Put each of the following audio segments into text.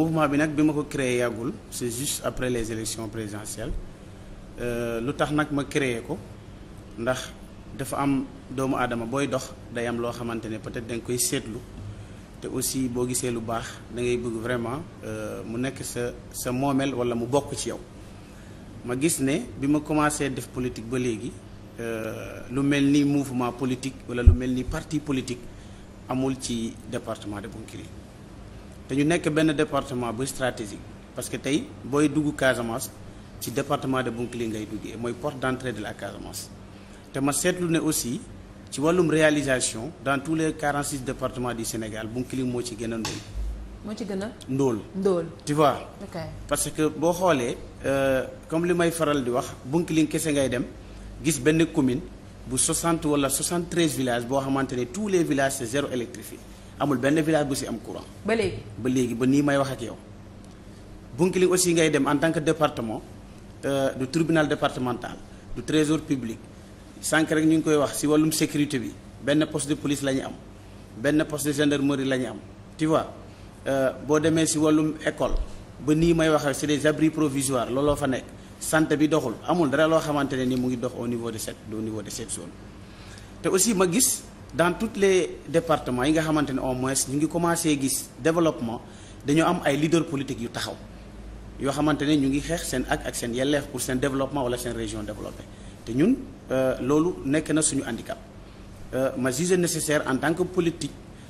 mouvement bi nag bi ma ko créé yàggul c'est juste après les élections présidentielles euh, lu tax nag ma créer ko ndax dafa am doomu aadama booy dox day am loo xamante ne peut-être da nga koy seetlu te aussi boo gisee lu baax da ngay bëgg vraiment euh, mu nekk sa sa moomeel walla mu bokk ci yow ma gis ne bi ma commencé def politique ba léegi euh, lu mel ni mouvement politique walla lu mel ni parti politique amul ci département de Bounkiling te ñu nekk benn département bu stratégique parce que tey booy dugg Casamance ci département de Bounkiling ngay duggee mooy porte d'entrée de la Casamance te ma seetlu ne aussi ci wàllum réalisation dans tous les 46 départements du Sénégal Bounkiling moo ci gën a ndóol. ci gën a. ndóol ndóol. tu vois. parce que boo xoolee euh, comme li may faral di wax Bounkiling kese ngay dem gis benn commune bu 60 wala 73 villages boo xamante ne tous les villages c'est zéro électrifié. amul benn village bu si am courant. ba léegi ba léegi ba nii may wax ak yow. li aussi ngay dem en tant que département euh, du tribunal départemental du trésor public sànq rek ñu ngi koy wax si wàllum sécurité bi benn poste de police la ñu am benn post de gendarmerie la ñu am tu vois euh, boo demee si wàllum ecole ba nii may wax c'est des abris provisoires looloo fa nekk santé bi doxul amul dara loo xamante ne ni mu ngi dox au niveau de cette au niveau de cette zone dans tous les départements yi nga xamante ne au moins ñu ngi commencé gis développement dañoo am ay leader politique yu taxaw yoo xamante ne ñu ngi xeex seen ak ak seen yelleef pour seen développement wala seen région développée te ñun euh, loolu nekk na suñu handicap euh, ma jugé nécessaire en tant que politique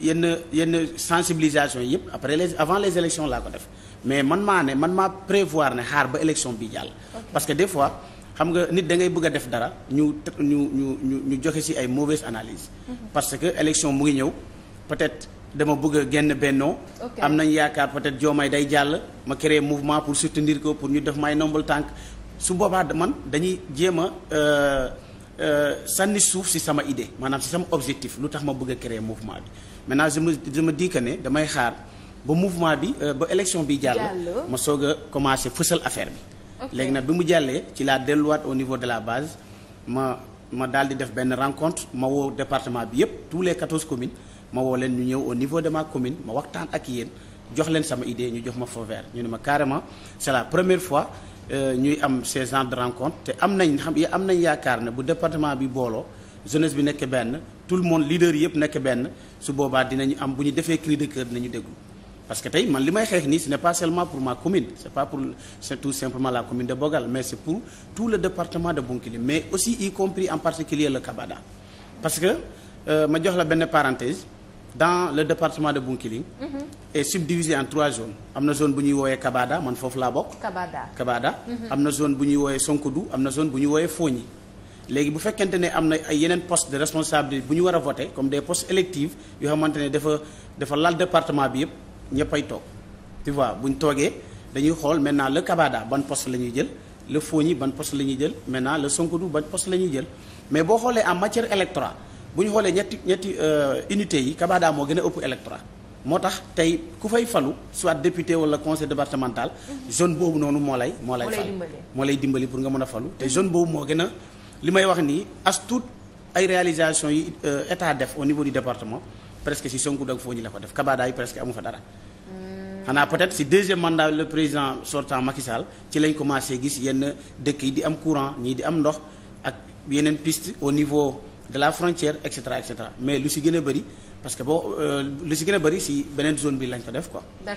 yenn yenn sensibilisation yëpp après les avant les élections laa ko def mais man maa ne man maa prévoir ne xaar ba élection bi jàll. parce que des fois xam nga nit da ngay bëgg a def dara ñu ñu ñu ñu ñu joxe ci ay mauvaise analyse. Mhm. parce que élection mu ngi ñëw peut-être dama bëgg a génn bennoo. am nañ yaakaar peut-être Diomaye day jàll ma créer mouvement pour soutenir ko pour ñu def may nombal tànk su boobaa man dañuy jéem a. Euh, Euh, sànni suuf si sama idée maanaam si sama objectif lu tax ma bëgg a créer mouvement bi maintenant je me je me ne damay xaar ba mouvement bi euh, ba élection bi jàll ma soog a commencé fësal affaire bi léegi nag bi mu jàllee ci laa delluwaat au niveau de la base ma ma daal di def benn rencontre ma woo département bi yëpp tous les quatorze communes ma woo leen ñu ñëw au niveau de ma commune ma waxtaan ak yéen jox leen sama idée ñu jox ma feu vert ñu ne ma carrément la première fois Euh, ñuy am ces genres de rencontre te am nañ xam am nañ yaakaar ne bu département bi booloo jeunesse bi nekk benn tout le monde leader yëpp nekk benn su boobaa dinañu am bu ñu defee cri de cœur dinañu déglu parce que tey man li may xeex nii ce n'est pas seulement pour ma commune c'est pas pour c'est tout simplement la commune de Bogal mais c'est pour tout le département de Bounkiling mais aussi y compris en particulier le Kabada parce que euh, ma jox la benn parenthèse dans le département de Bounkiling mm -hmm. est subdivisé trois zones am na zone bu ñuy woowee Kabada man foofu laa bokk Kabada Kabada mhm. am na zone bu ñuy woowee Sonkoudou am na zone bu ñuy woowee Fogny léegi bu fekkente ne am na ay yeneen poste de responsabilité bu ñu war a voté comme des postes électifs yoo xamante ne dafa dafa lal département bi yëpp ñëppay toog tu vois bu ñu toogee dañuy xool maintenant le Kabada ban poste la ñuy jël le Fogny ban poste la ñuy jël maintenant le Sonkoudou ban poste la ñuy jël mais boo xoolee en matière électorale bu ñu xoolee ñetti ñetti euh, unité yi Kabada moo gën a ëpp électorat moo tax tey ku fay falu soit député wala conseil départemental mhm. zone boobu noonu moo lay moo lay fal moo lay dimbali pour nga mën a falu te mhm. zone boobu moo gën a li may wax nii as tuut ay réalisation yi euh, état def au niveau du département presque si Sonko dag foo ñu la fa def Kabada yi presque amu fa dara hmm. xanaa peut-être si deuxième mandat le président sortant Macky Sall ci lañ commencé gis yenn dëkk yi di am courant ñii di am ndox ak yeneen piste au niveau de la frontière et cetera et mais lu si gën a bëri parce que boo euh, lu si gën a bëri si beneen zone bi lañ ko def quoi.